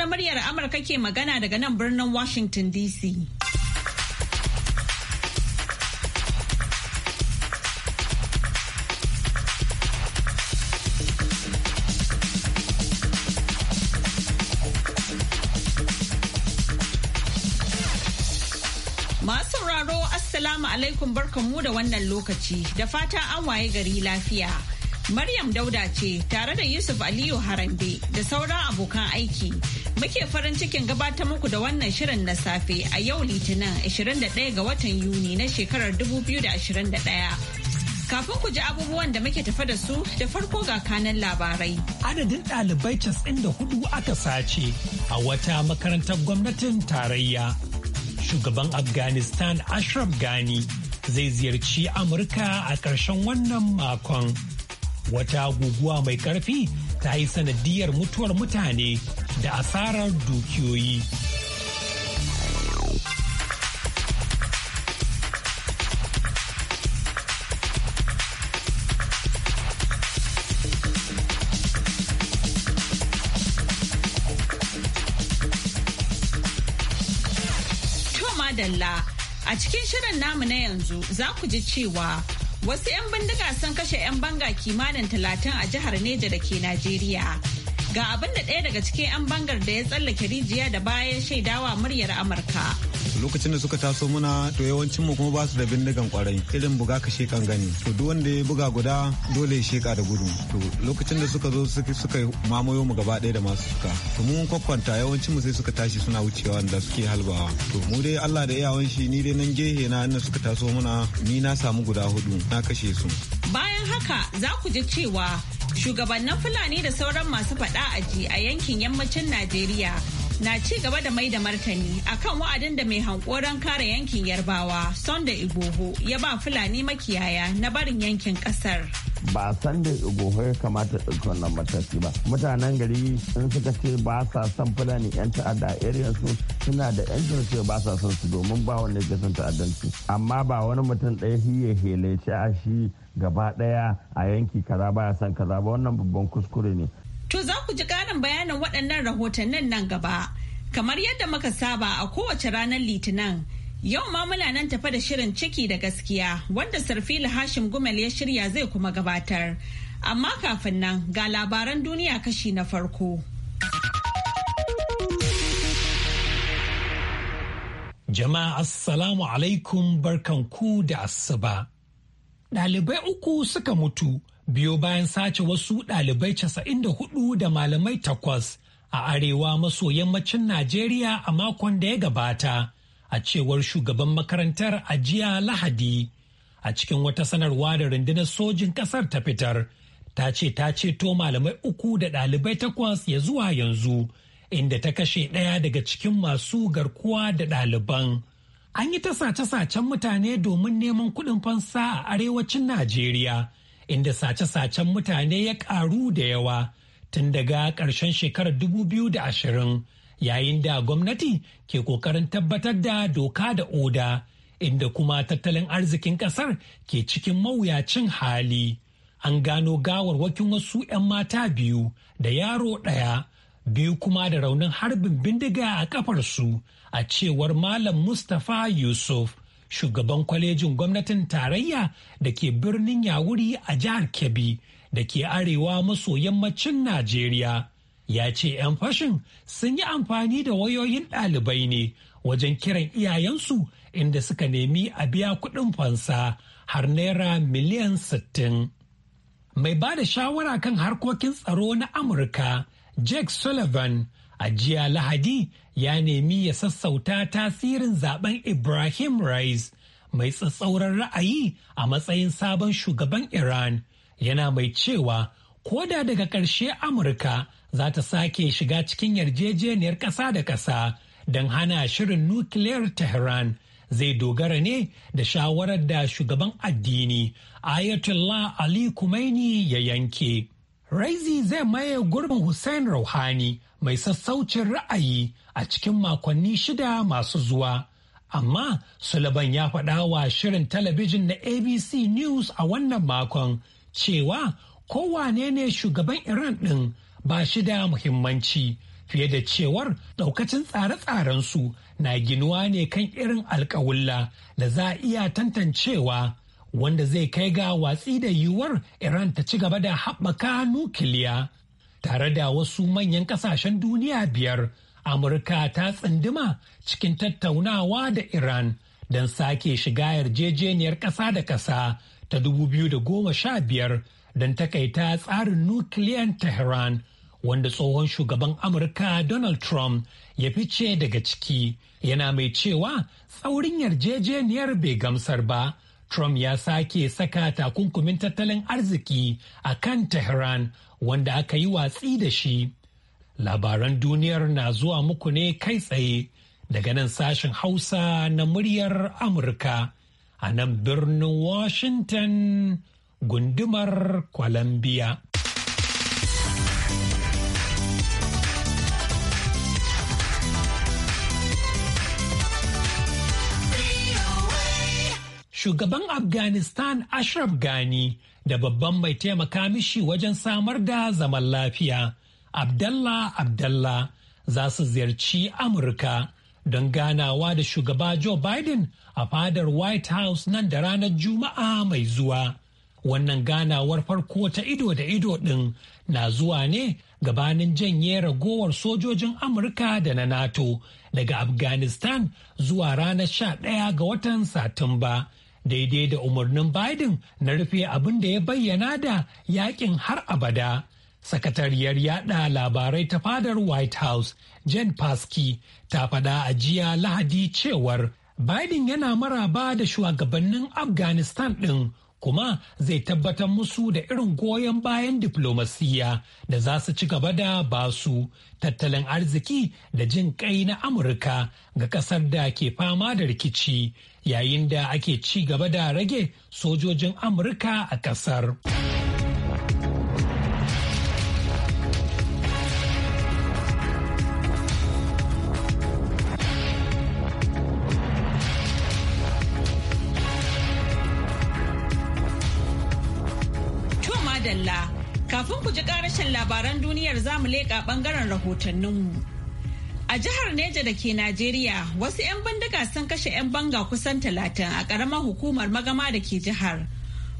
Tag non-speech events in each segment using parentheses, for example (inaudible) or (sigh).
na muryar Amurka ke magana daga nan birnin Washington DC. Masu sauraro alaikum barkanmu da wannan lokaci da fata an waye gari lafiya. Maryam Dauda ce tare da Yusuf Aliyu harambe da sauran abokan aiki. Muke farin cikin gabatar muku da wannan shirin na safe a yau Litinin 21 ga watan Yuni na shekarar 2021. Kafin ku ji abubuwan da muke tafa da su da farko ga kanan labarai. Adadin ɗalibai hudu aka sace a wata makarantar gwamnatin tarayya. Shugaban Afghanistan Ashraf Ghani zai ziyarci Amurka a ƙarshen wannan makon. Wata guguwa mai ƙarfi ta yi sanadiyar mutuwar mutane da asarar dukiyoyi. Dalla a cikin shirin namu na yanzu za ku ji cewa wasu 'yan bindiga sun kashe 'yan banga kimanin talatin a jihar Neja da ke Najeriya. Ga abin da ɗaya daga cikin 'yan bangar da ya tsallake rijiya da bayan shaidawa muryar Amurka. Lokacin da suka taso muna to yawancin mu kuma ba su da bindigan kwarai irin buga ka kan gani to duk wanda ya buga guda dole ya sheka da gudu to lokacin da suka zo suka mamayo mu gaba ɗaya da masu suka to mun kwakwanta yawancin mu sai suka tashi suna wucewa da suke halbawa to mu dai Allah da iyawan shi ni dai nan gehe na inda suka taso muna ni na samu guda hudu na kashe su bayan haka za ku ji cewa Shugabannin Fulani da sauran masu faɗa ji a yankin yammacin Najeriya na ci gaba da mai da martani akan wa'adin da mai hankoron kare yankin Yarbawa Sonda Igogo, ya ba Fulani makiyaya na barin yankin ƙasar. ba san da gobe ya kamata ɗauki wannan mataki ba mutanen gari in suka ce ba sa son fulani yan ta'adda a area su suna da yan ce ba sa son su domin ba wani ke son ta'addanci amma ba wani mutum ɗaya hiye hele ce a shi gaba ɗaya a yanki kaza ba ya san kaza ba wannan babban kuskure ne. to za ku ji ƙarin bayanin waɗannan rahotannin nan gaba kamar yadda muka saba a kowace ranar litinin Yau ma muna nan tafa da shirin ciki da gaskiya wanda sarfila Hashim Gumel ya shirya zai kuma gabatar. Amma kafin nan ga labaran duniya kashi na farko. Jama'a Assalamu alaikum barkanku da asuba. Ɗalibai uku suka mutu biyo bayan sace wasu ɗalibai casa'in da hudu da malamai takwas a arewa maso yammacin Najeriya a makon da ya gabata. a cewar shugaban makarantar a jiya lahadi a cikin wata sanarwa da rundunar sojin kasar ta fitar ta ce ta ceto malamai uku da ɗalibai takwas ya zuwa yanzu inda ta kashe ɗaya daga cikin masu garkuwa da ɗaliban an yi ta sace-sacen mutane domin neman kuɗin fansa a arewacin najeriya inda sace-sacen mutane ya ƙaru da yawa tun daga ƙarshen shekarar 2020 yayin da gwamnati ke ƙoƙarin tabbatar da doka da oda inda kuma tattalin arzikin ƙasar ke cikin mawuyacin hali. An gano gawar gawarwakin wasu 'yan mata biyu da yaro ɗaya, biyu kuma da raunin harbin bindiga a kafarsu a cewar Malam Mustapha Yusuf, shugaban kwalejin gwamnatin tarayya da ke birnin Yawuri a jihar Kebbi da ke arewa maso yammacin Najeriya. ya ce 'yan fashin sun yi amfani da wayoyin ɗalibai ne wajen kiran iyayensu inda suka nemi a biya kuɗin fansa har naira miliyan 60. Mai ba da shawara kan harkokin tsaro na Amurka, Jake Sullivan, a jiya Lahadi ya nemi ya sassauta tasirin zaben Ibrahim Rice, mai tsatsauran ra'ayi a matsayin sabon shugaban Iran, yana mai cewa, koda daga ƙarshe Amurka za ta sake shiga cikin yarjejeniyar ƙasa da ƙasa don hana shirin nukiliyar Tehran zai dogara ne da shawarar da shugaban addini Ayatollah Ali Kumaini ya yanke. Raizi zai maye gurbin Hussein Rouhani mai sassaucin ra'ayi a cikin makonni shida masu zuwa. Amma Sulaban ya faɗa wa shirin talabijin na ABC News a wannan makon cewa kowane ne shugaban Iran ɗin ba shi da muhimmanci fiye da cewar daukacin tsare-tsarensu na ginuwa ne kan irin alkawulla da za a iya tantancewa wanda zai kai ga watsi da yiwuwar iran ta ci gaba da haɓaka nukiliya tare da wasu manyan ƙasashen duniya biyar amurka ta tsindima cikin tattaunawa da iran don sake shiga yarjejeniyar ƙasa da ƙasa ta 2015 don takaita tsarin nukiliyan Tehran wanda tsohon shugaban Amurka Donald Trump ya fice daga ciki yana mai cewa tsaurin yarjejeniyar bai gamsar ba. Trump ya sake saka takunkumin tattalin arziki a kan Tehran wanda aka yi watsi da shi. Labaran duniyar na zuwa muku ne kai tsaye daga nan sashen Hausa na muryar Amurka a nan birnin Washington gundumar Columbia. Shugaban Afghanistan Ashraf Ghani da babban mai taimaka mishi wajen samar da zaman lafiya, Abdallah Abdallah za su ziyarci Amurka. don ganawa da shugaba Joe Biden a fadar White House nan da ranar Juma'a mai zuwa. Wannan ganawar farko ta ido da ido ɗin na zuwa ne gabanin janye ragowar sojojin Amurka da na NATO daga Afghanistan zuwa ranar sha 11 ga watan Satumba. Daidai da umarnin Biden na rufe abin da ya bayyana da yakin har abada. Sakatariyar yada labarai ta fadar White House, Jen paski ta fada a jiya Lahadi cewar Biden yana maraba da shugabannin Afghanistan ɗin kuma zai tabbatar musu da irin goyon bayan diflomasiyya da za su ci gaba da basu tattalin arziki da jin kai na amurka ga kasar da ke fama da rikici yayin da ake ci gaba da rage sojojin amurka a kasar. madalla. Kafin ku ji karashin labaran duniyar zamu leƙa ɓangaren rahotanninmu. A jihar Neja da ke Najeriya, wasu 'yan bindiga sun kashe 'yan banga kusan talatin a ƙaramar hukumar magama da ke jihar.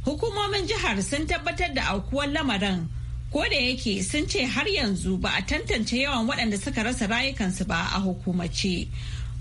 Hukumomin jihar sun tabbatar da aukuwar lamarin, ko da yake sun ce har yanzu ba a tantance yawan waɗanda suka rasa rayukansu ba a hukumace.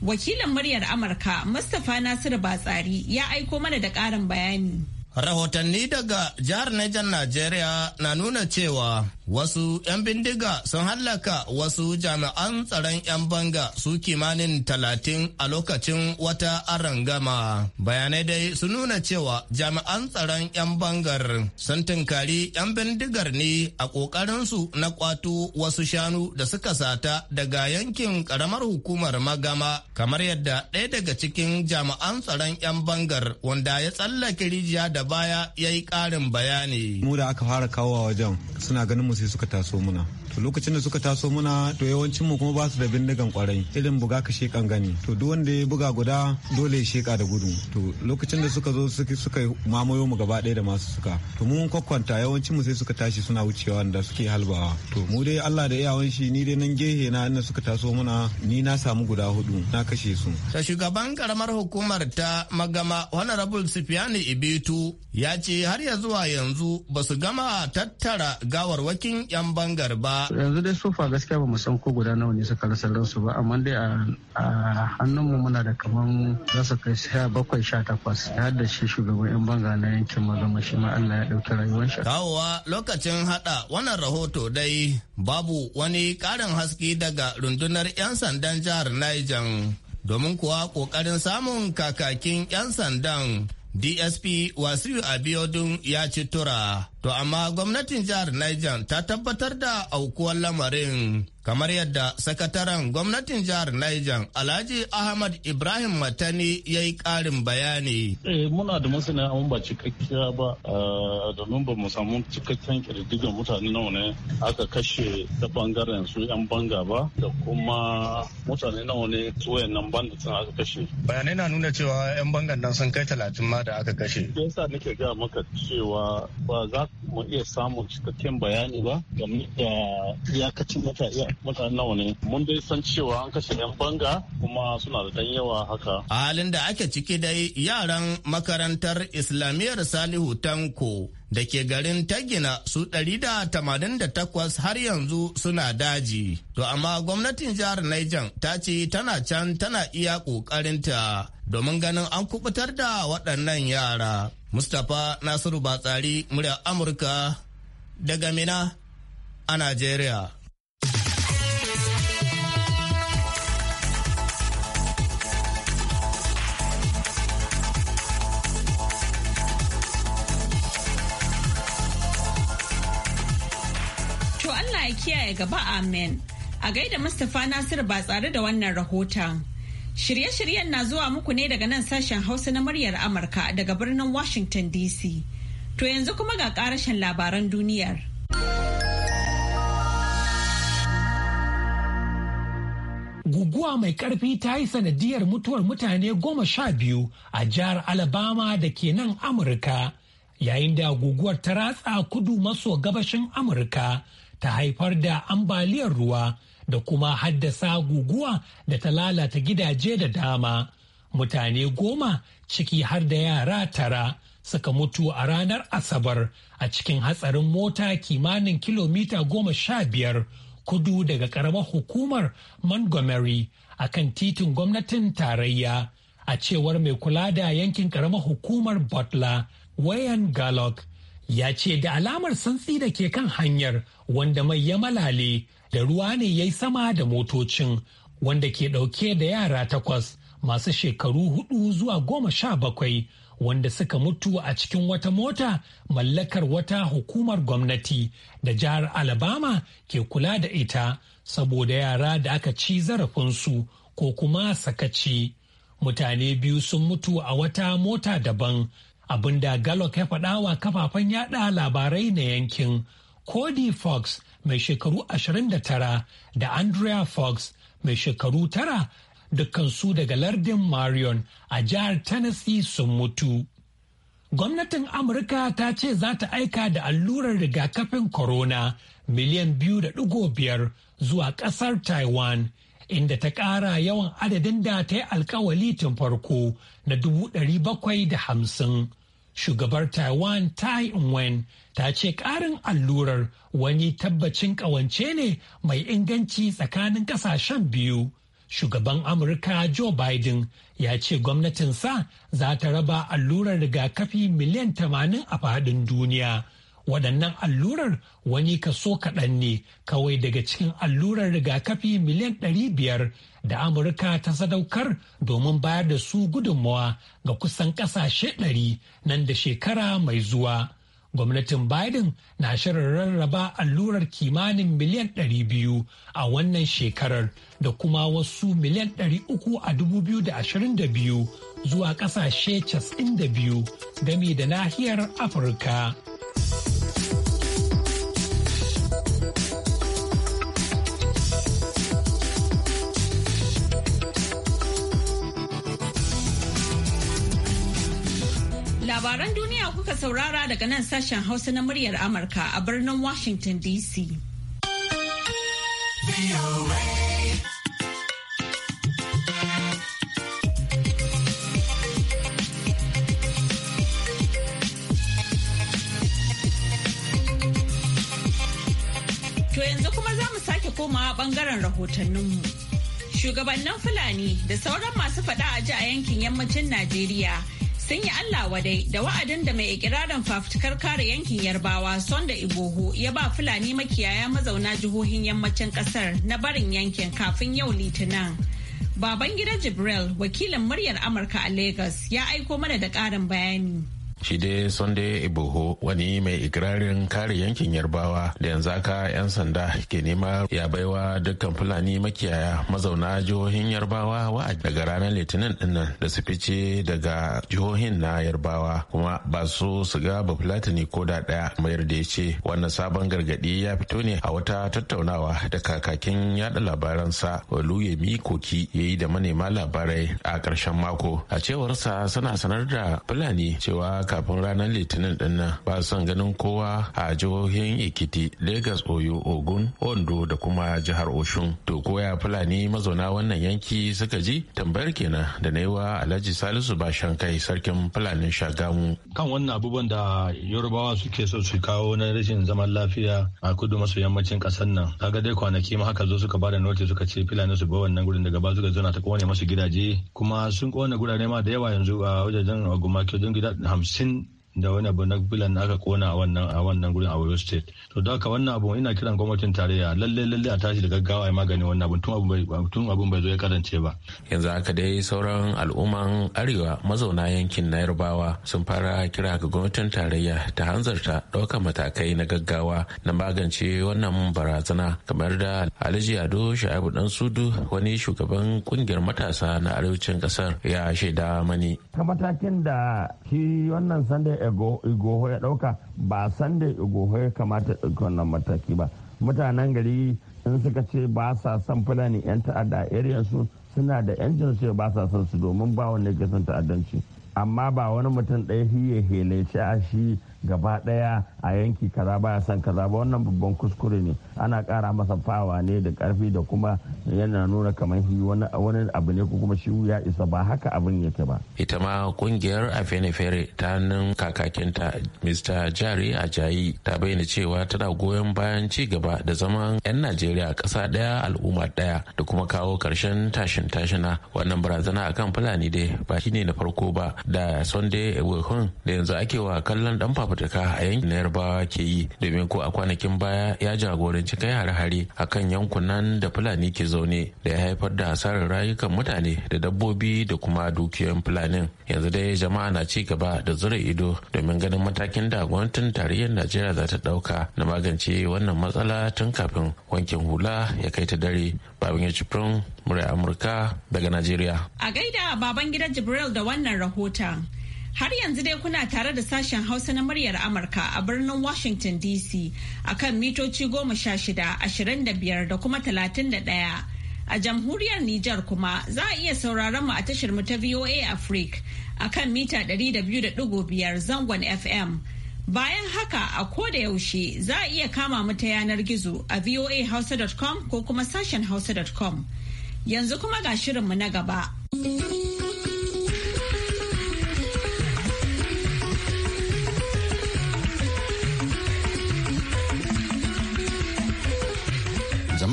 Wakilin muryar Amurka, Mustapha Nasiru Batsari, ya aiko mana da ƙarin bayani. Rahotanni daga jihar Nijar Najeriya na nuna cewa Wasu 'yan bindiga sun hallaka wasu jami'an tsaron 'yan banga su kimanin talatin a lokacin wata arangama. Bayanai dai su nuna cewa jami'an tsaron 'yan bangar sun tunkari 'yan bindigar ne a ƙoƙarinsu na kwato wasu shanu da suka sata daga yankin ƙaramar hukumar magama kamar yadda ɗaya daga cikin jami'an tsaron 'yan bangar wanda ya tsallake rijiya da baya ya yi ƙarin bayani. Mu da aka fara kawo wajen suna ganin sai suka taso muna to lokacin da suka taso muna to yawancin mu kuma ba su da bindigan kwarai irin buga ka gani to duk wanda ya buga guda dole ya sheka da gudu to lokacin da suka zo suka mamayo mu gaba ɗaya da masu suka to mun kwakwanta yawancin mu sai suka tashi suna wucewa da suke halbawa to mu dai Allah da iyawan shi ni dai nan gehe na inda suka taso muna ni na samu guda hudu na kashe su da shugaban karamar hukumar ta magama honorable sufiani Ibitu ya ce har ya zuwa yanzu ba su gama tattara gawarwakin yan bangar ba yanzu dai sofa gaskiya ba san ko guda nawa ne suka rasa ransu ba amma dai a hannunmu muna da kaman za su kai sha bakwai sha takwas har da shi shugaban yan banga na yankin magama shi ma Allah ya ɗauki rayuwar Kawowa lokacin hada wannan rahoto dai babu wani ƙarin haske daga rundunar 'yan sandan jihar Niger domin kuwa ƙoƙarin samun kakakin 'yan sandan DSP Wasiu Abiodun ya ci tura, to amma gwamnatin jihar Niger ta tabbatar da aukuwar lamarin kamar yadda sakataren gwamnatin jihar Niger Alhaji Ahmad Ibrahim Matani ya yi ƙarin bayani. Eh muna da masana amma ba cikakkiya ba ah, domin ba mu samu cikakken ƙididdigan mutane nawa ne aka kashe ta bangaren su 'yan banga ba da kuma mutane nawa ne nan banda tun aka kashe. Bayanai na nuna cewa 'yan bangan nan sun kai talatin ma da aka kashe. Yasa nake ga maka cewa ba za mu iya samun cikakken bayani ba game ah, da iyakacin mutane mutane nawa ne mun dai san cewa an kashe yan banga kuma suna da dan yawa haka halin da ake ciki dai yaran makarantar islamiyyar salihu tanko da ke garin tagina su 188 har yanzu suna daji to amma gwamnatin jihar Niger ta ce tana can tana iya ƙoƙarinta domin ganin an kubutar da waɗannan yara mustapha nasiru batsari murya amurka daga mina a nigeria. kiyaye gaba amen. A gaida Mustapha Nasiru ba tsare da wannan rahoton. Shirye-shiryen na zuwa muku ne daga nan sashen Hausa na muryar Amurka daga birnin Washington DC. To yanzu kuma ga karashen labaran duniyar. guguwa mai karfi ta yi sanadiyar mutuwar mutane goma sha biyu a jihar alabama da ke nan amurka yayin da guguwar ta ratsa kudu maso gabashin amurka ta haifar da ambaliyar ruwa da kuma haddasa guguwa da ta lalata gidaje da dama. Mutane goma ciki har da yara tara suka mutu a ranar Asabar a cikin hatsarin mota kimanin kilomita goma sha biyar kudu daga ƙaramar hukumar Montgomery a kan titin gwamnatin tarayya a cewar mai kula da yankin ƙaramar hukumar Butler, Wayan Gallock ya ce da alamar santsi da ke kan hanyar wanda mai ya malale da ruwa ne ya yi sama da motocin wanda ke ɗauke da yara takwas masu shekaru hudu zuwa goma sha bakwai wanda suka mutu a cikin wata mota mallakar wata hukumar gwamnati da jihar alabama ke kula da ita saboda yara da aka ci zarafinsu ko kuma sakaci mutane biyu sun mutu a wata mota daban abinda Gallup ya faɗa wa kafafen yada labarai na yankin Cody Fox mai shekaru 29 da Andrea Fox mai shekaru tara dukkansu daga lardin Marion a jihar Tennessee sun mutu. Gwamnatin Amurka ta ce za ta aika da allurar rigakafin corona miliyan biyu da ɗigo biyar zuwa ƙasar Taiwan, inda ta ƙara yawan adadin da ta yi alkawali tun farko na dubu ɗari bakwai da hamsin. shugabar taiwan tai wen ta ce karin allurar wani tabbacin kawance ne mai inganci tsakanin kasashen biyu shugaban amurka joe biden ya ce gwamnatinsa za ta raba allurar rigakafi miliyan 80 a faɗin duniya waɗannan allurar wani kaso kaɗan ne kawai daga cikin allurar rigakafi miliyan ɗari biyar da amurka ta sadaukar domin bayar da su gudunmawa ga kusan ƙasashe ɗari nan da shekara mai zuwa gwamnatin biden na shirin rarraba allurar kimanin miliyan ɗari biyu a wannan shekarar da kuma wasu miliyan ɗari uku a dubu biyu da da ashirin biyu zuwa ƙasashe biyu game da nahiyar afirka Labaran duniya kuka saurara daga nan sashen Hausa na muryar Amurka a birnin Washington DC. To yanzu kuma za mu sake komawa bangaren rahotanninmu. Shugabannin Fulani da sauran masu faɗa a ji a yankin yammacin Najeriya. sun yi Allah wadai da wa'adin da mai ikirarin fafutukar kare yankin Yarbawa da Iboho ya ba Fulani makiyaya mazauna jihohin yammacin kasar na barin yankin kafin yau Litinin. Baban gida Jibril wakilin muryar Amurka a Legas, ya aiko mana da ƙarin bayani. shi dai sunday ibuho wani mai ikirarin kare yankin yarbawa da yanzu haka 'yan sanda ke nema ya baiwa dukkan fulani makiyaya mazauna jihohin yarbawa wa'ad daga ranar litinin dinnan da su fice daga jihohin na yarbawa kuma ba su su ga bafulatani ko da daya mayar da ya ce wannan sabon gargadi ya fito ne a wata tattaunawa da kakakin yada labaransa oluyemi koki ya yi da manema labarai a ƙarshen mako a cewarsa suna sanar da fulani cewa kafin ranar litinin din nan ba son ganin kowa a jihohin ikiti Legas, Oyo, Ogun, Ondo da kuma jihar Oshun. To koya Fulani mazauna wannan yanki suka ji tambayar kenan da na yi wa Alhaji Salisu Bashan kai sarkin Fulanin Shagamu. Kan wannan abubuwan da Yorubawa suke so su kawo na rashin zaman lafiya a kudu maso yammacin kasar nan. Kaga dai kwanaki ma haka zo suka ba da noti suka ce Fulani su ba wannan gurin daga ba suka zauna ta kone masu gidaje kuma sun kone gurare ma da yawa yanzu a wajajen Ogumaki wajen gida hamsin için da wani abu na bilan aka kona a wannan a wannan gurin a Oyo State to da wannan abu ina kiran gwamnatin tarayya lalle lalle a tashi da gaggawa ya magani wannan abu tun abun bai zo ya karance ba yanzu haka dai sauran al'umman arewa mazauna yankin na sun fara kira ga gwamnatin tarayya ta hanzarta ɗaukar matakai na gaggawa na magance wannan barazana kamar da Alhaji Ado Sha'ibu Dan Sudu wani shugaban kungiyar matasa na arewacin kasar ya shaida mani ta matakin da shi wannan sanda igoho ya dauka ba san da igoho ya kamata ɗauki wannan mataki ba mutanen gari in suka ce ba sa son fulani yan ta'adda a su suna da yan jinsu ba sa san su domin ba wanda ke son ta'addanci amma ba wani mutum ɗaya hiye hele shi a shi gaba daya a yanki kaza baya san kaza ba wannan babban kuskure ne ana kara masa fawa ne da karfi da kuma yana nuna kamar shi wani abu ne ko kuma shi ya isa ba haka abin yake ba ita ma kungiyar afenefere ta hannun kakakinta mr jari ajayi ta bayyana cewa tana goyon bayan ci gaba da zaman 'yan najeriya kasa daya al'umma daya da kuma kawo karshen tashin tashina wannan barazana akan fulani dai ba shine na farko ba da sunday da yanzu ake wa kallon dan fafutuka a yankin yarbawa ke yi domin ko a kwanakin baya ya jagoranci kai hare-hare a kan yankunan da fulani ke zaune da ya haifar da hasarar rayukan mutane da dabbobi da kuma dukiyoyin fulanin yanzu dai jama'a na ci gaba da zura ido domin ganin matakin da gwamnatin tarayyar najeriya za ta ɗauka na magance wannan matsala tun kafin wankin hula ya kai ta dare babin ya cifin murai amurka daga najeriya a gaida baban gidan jibril da wannan rahoton Har yanzu dai kuna tare da sashen Hausa na muryar Amurka a birnin Washington DC a kan mitoci goma sha shida, ashirin da biyar da kuma talatin da ɗaya. A jamhuriyar Nijar kuma za a iya sauraron mu a tashar mu ta VOA Africa a kan mita ɗari da biyu da ɗigo biyar zangon FM. Bayan haka a ko da yaushe za a iya kama mu ta yanar gizo a voahausa.com ko kuma sashen hausa.com. Yanzu kuma ga shirinmu na gaba.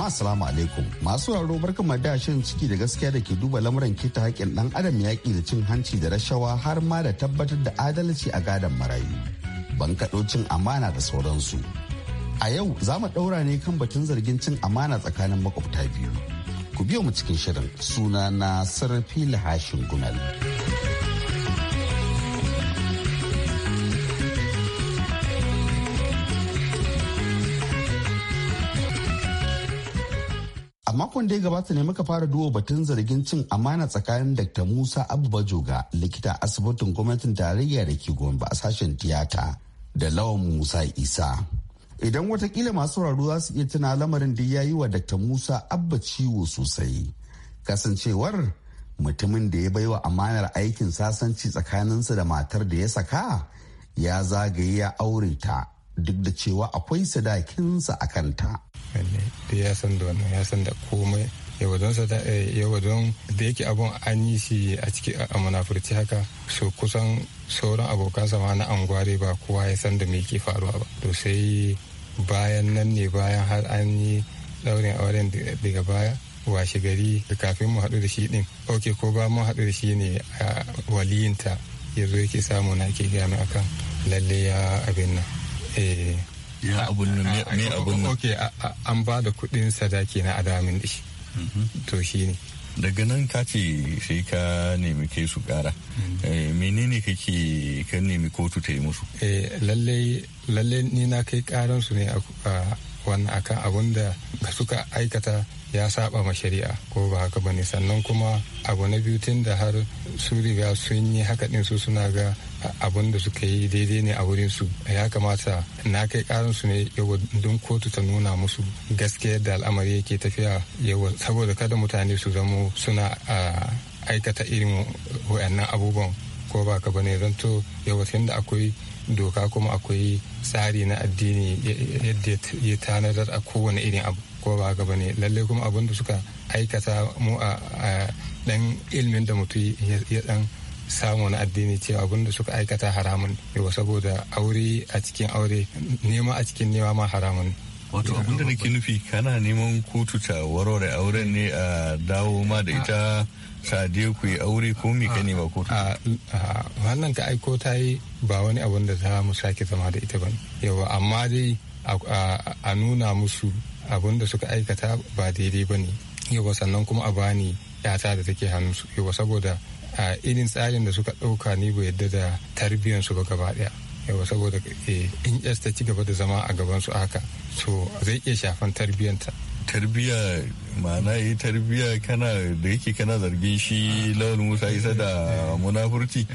assalamu alaikum masu raro barkan da shan ciki da gaskiya da ke duba lamuran kita haƙƙin ɗan adam yaƙi da cin hanci da rashawa har ma da tabbatar da adalci a gadon marayu ban kaɗo cin amana da sauransu a yau za mu ɗaura ne kan batun zargin cin amana tsakanin makwabta biyu ku biyo mu cikin shirin suna na sarrafi lahashin gumel. makon da ya gabata ne muka fara duwa batun zargin cin amana tsakanin Dr. Musa Abba Joga likita asibitin gwamnatin tarayya da ke gombe a sashen tiyata da lawan Musa Isa. Idan watakila masu sauraro za su iya tuna lamarin da ya yi wa Dr. Musa Abba ciwo sosai. Kasancewar mutumin da ya baiwa amanar aikin sasanci tsakaninsa da matar da ya saka ya zagaye ya aure ta duk da cewa akwai sadakinsa a kanta. ne da ya san da wannan ya san da komai eh, don da yake abun an yi shi a ciki a munafurci haka so kusan sauran abokan sama na angware ba kowa ya san da me ke faruwa ba to sai bayan nan ne bayan har an yi daurin auren daga baya washe gari kafin mu haɗu da shi ɗin ok ko ba mu haɗu da shi ne a waliyinta ya yake samu na ke gano akan lalle ya abin nan eh, ya ah, abun nan me ah, ah, abun nan okay an ba da kuɗin sadaki na adamin dishi mhm. to shi ne daga nan ka ce sai ka nemi ke su kara mhm. eh, menene kake ka nemi kotu ta yi musu eh, lallai ni na kai karan su ne a wannan akan abun da suka aikata ya saba ma shari'a ko ba haka bane sannan kuma abu na biyu tun da har su riga sun yi haka din su suna ga abun da suka yi daidai ne a wurin su ya kamata na kai karin su ne yawa don kotu ta nuna musu gaskiyar da al'amari yake tafiya yawa saboda kada mutane su zamo suna aikata irin wayannan abubuwan ko ba ka bane zanto yawa da akwai doka kuma akwai tsari na addini yadda ya tanadar a kowane irin abu ko ba gaba ne lalle kuma abin da suka aikata mu a dan ilmin da mutum ya dan samu na addini cewa abin da suka aikata haramun yau saboda aure a cikin aure nema a cikin nema ma haramun wato abinda nake nufi kana neman kotu ta warware auren ne a dawo ma da ita Sadiya ku yi aure ko mika ka nema kotu a wannan ka aiko ta yi ba wani abun da za mu sake zama da ita ba yawa amma dai a nuna musu abun da suka aikata ba daidai ba ne yawa sannan kuma a bani yata da take hannu su yawa saboda irin tsarin da suka ɗauka ni ba yadda da tarbiyyansu ba gaba ɗaya yawa saboda eh, in ta ci gaba da zama a gabansu haka to zai iya shafan tarbiyyanta tarbiyya ma'ana yi tarbiyya kana da yake kana zargin shi lawan musa isa da munafurci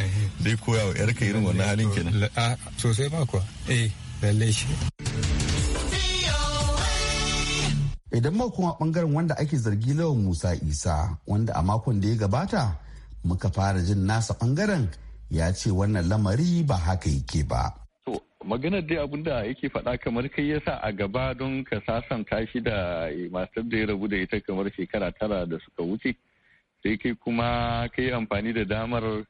zai koya wa yarka irin wannan halin kenan sosai ba kuwa eh lalle shi idan ma kuma bangaren wanda ake zargi lawan musa isa wanda a makon da ya gabata muka fara jin nasa bangaren ya ce wannan lamari ba haka yake ba maganar dai abin da yake faɗa kamar kai ya sa a gaba don ka sasanta shi da matar da ya rabu da ita kamar shekara tara da suka wuce sai kai kuma kai amfani da damar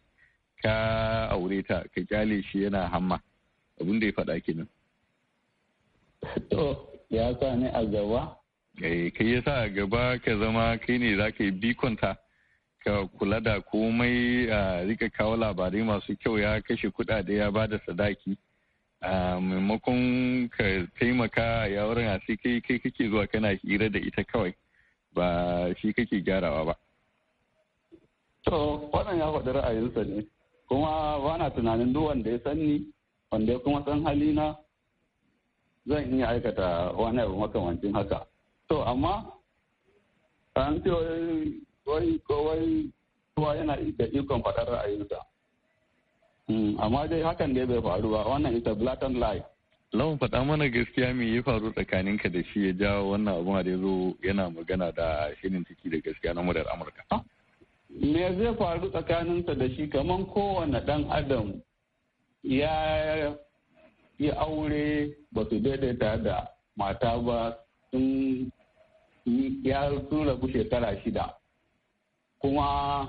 ka aure ta ka kyale shi yana hamma abin da ya faɗa kenan. to ya sa ne a gaba? Eh, kai ya sa a gaba ka zama kai ne za ka yi bikonta ka kula da komai a rika kawo labarai masu kyau ya kashe kuɗaɗe ya ba da sadaki. A maimakon ka taimaka ya wurin a sai kai kai kake zuwa kana hira da ita kawai ba shi kake gyarawa ba to wannan ya faɗi ra'ayinsa ne kuma ba na tunanin duk wanda ya sanni wanda ya kuma san hali na zan iya aikata wani abu makamancin haka to amma an ce wai kowai yana da ikon faɗar ra'ayinsa Hmm, amma dai hakan dai bai faru ba wannan ita blatant lie lawan faɗa mana gaskiya me ya faru tsakaninka da shi ya jawo wannan abu da ya zo yana magana da shirin ciki da gaskiya na muryar amurka ah, me zai faru tsakaninsa da shi kamar kowane ɗan adam ya yi aure ba su daidaita da mata ba sun ya tura rabu shekara shida kuma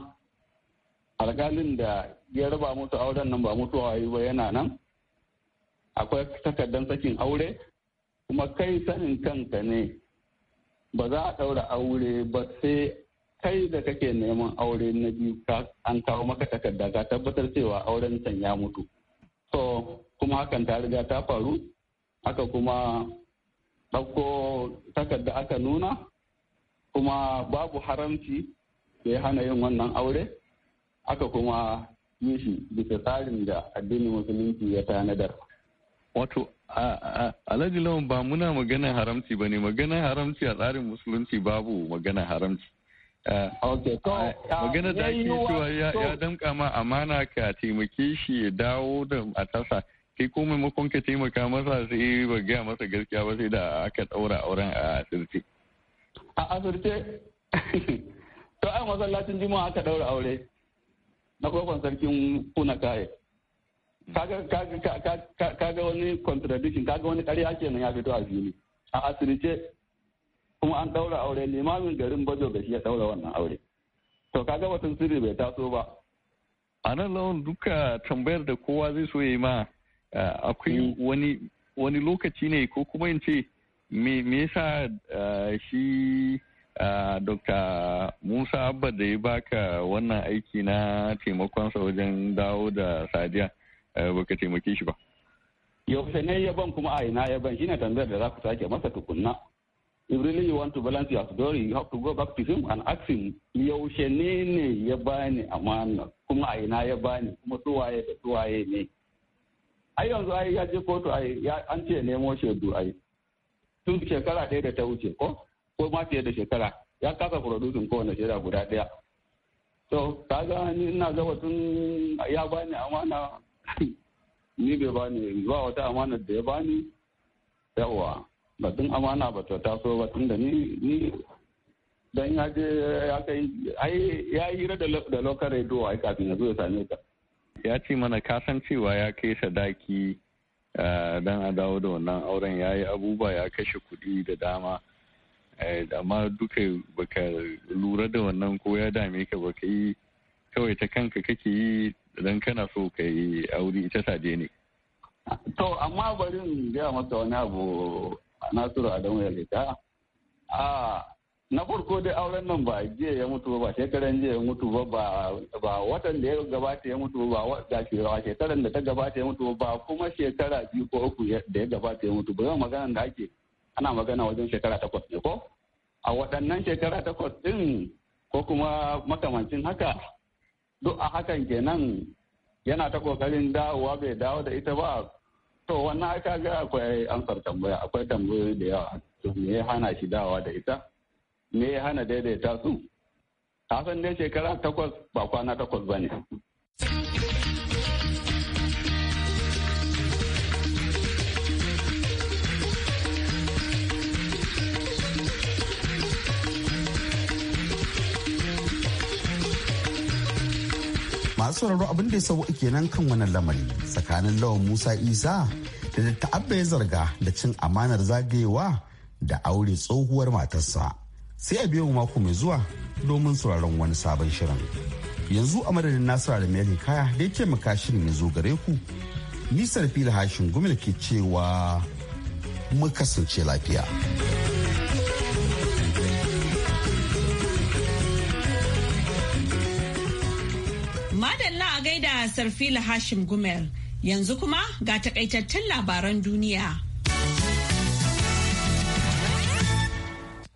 alkalin da ya raba mutu auren nan ba mutuwa yi ba yana nan akwai takardar sakin aure kuma kai sanin kanka ne ba za a ɗaura aure ba sai kai da kake neman aure na biyu an kawo maka takarda ka tabbatar cewa auren can ya mutu so kuma hakan ta riga ta faru haka kuma ɗauko takarda aka nuna kuma babu haramci da ya hana yin wannan aure aka kuma yi shi bisa tsarin da addinin musulunci ya tanadar. Wato, alhaji lawan ba muna magana haramci ba ne, magana haramci a tsarin musulunci babu magana haramci. Magana da ake cewa ya damka ma amana ka taimake shi ya dawo da matasa. Kai ko maimakon ka taimaka masa sai ba gaya masa gaskiya ba sai da aka daura auren a asirce. A asirce? (laughs) To ai masallacin jima'a aka ɗaura aure. na kofan sarkin kuna kaye kaga wani contradiction kaga wani ƙarya kenan ya fito a fili a asirce kuma an ɗaura aure limamin garin bajo da shi ya ɗaura wannan aure to kaga batun sirri bai taso ba a nan lawan duka tambayar da kowa zai so ya yi ma eh, akwai mm. wani wani lokaci ne ko kuma in ce me yasa eh, shi Dokta Musa Abba da ya baka wannan aiki na taimakonsa wajen dawo da sadiya baka taimake shi ba. Yaushe ne yaban kuma a ina yaban shine tambayar da za ku sake masa tukunna. If really you want to balance your story, you have to go back to him and ask him yaushe ne ne ya bani amana kuma a ina ya bani kuma suwaye da suwaye ne. Ai yanzu ai ya je kotu ai an ce nemo shaidu ai. Tun shekara ɗaya da ta wuce ko? ko ma fiye da shekara ya kasa producing kowane shekara guda ɗaya to ga ni ina ga tun ya bani amana (laughs) ni bai bani ba wata amana da ya bani yawa batun amana ba ta taso ba tun da ni ni dan ya je ya kai ai ya yi hira da local radio ai kafin ya zo ya same ka ya ce mana san cewa ya kai sadaki eh, dan a dawo da wannan auren ya yi abubuwa ya kashe kuɗi da dama Eh, amma duka baka lura da wannan ko ya dame ka baka yi kawai ta kanka kake yi don kana so ka yi aure ita sade ne to amma bari in gaya masa wani abu nasiru adamu ya leta a na farko dai auren nan ba jiya ya mutu ba shekaran jiya ya mutu ba ba watan da ya gabata ya mutu ba ga shekara shekaran da ta gabata ya mutu ba kuma shekara biyu ko uku da ya gabata ya mutu ba zan magana da ake ana magana wajen shekara takwas ne ko a waɗannan shekara takwas ɗin ko kuma makamancin haka duk a hakan kenan yana ta ƙoƙarin dawowa bai dawo da ita ba to wannan aka ga akwai amsar tambaya akwai tambayoyi da yawa me ya hana shi dawowa da ita me ya hana daidaita su kasan dai shekara takwas ba kwana takwas ba ne. masu sauraro abin da ya sauwa kenan kan wannan lamari tsakanin lawan musa isa da datta ya zarga da cin amanar zagayewa da aure tsohuwar matarsa sai a biyo mako mai zuwa domin sauraron wani sabon shirin yanzu a madadin nasara da mai kaya da ya taimaka shirin ya zo gare ku nisar fili hashin gumil ke cewa mu kasance lafiya. da fila Hashim Gumel. Yanzu kuma ga takaitattun labaran duniya.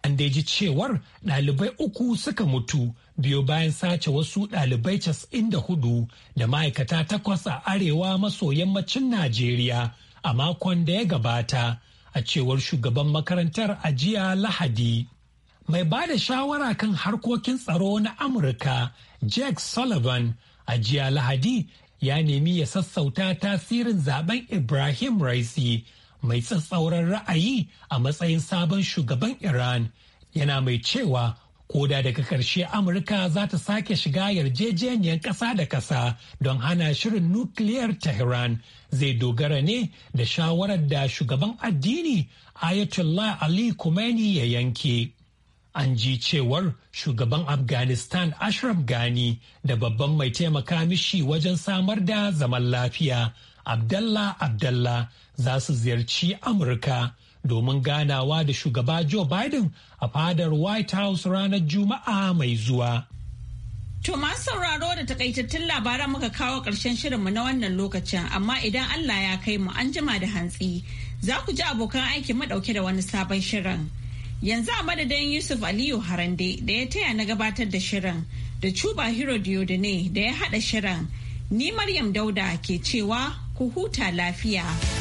An ji cewar ɗalibai uku suka mutu biyo bayan sace wasu ɗalibai casa'in da hudu da ma'aikata takwas a arewa maso yammacin Najeriya a makon da ya gabata a cewar shugaban makarantar ajiya Lahadi. mai ba da shawara kan harkokin tsaro na Amurka, Jack Sullivan, a jiya lahadi ya nemi ya sassauta tasirin zaben ibrahim raisi mai tsatsauran ra'ayi a matsayin sabon shugaban iran yana mai cewa koda daga ƙarshe amurka za ta sake shiga yarjejeniyar ƙasa da ƙasa don hana shirin nukiliyar tehran zai dogara ne da shawarar da shugaban addini ayatollah ali khomeini ya yanke an ji cewar shugaban afghanistan ashraf ghani da babban mai taimaka mishi wajen samar da zaman lafiya abdallah abdallah za su ziyarci amurka domin ganawa da shugaba joe biden a fadar white house ranar juma'a mai zuwa To masu sauraro da takaitattun labaran muka kawo ƙarshen shirinmu na wannan lokacin amma idan Allah ya kai mu an jima da hantsi za ku ji abokan aiki madauke da wani sabon shirin. Yanzu a madadin Yusuf Aliyu Harande da ya taya na gabatar da shirin da Cuba Hero da ya haɗa shirin. Ni Maryam Dauda ke cewa ku huta lafiya.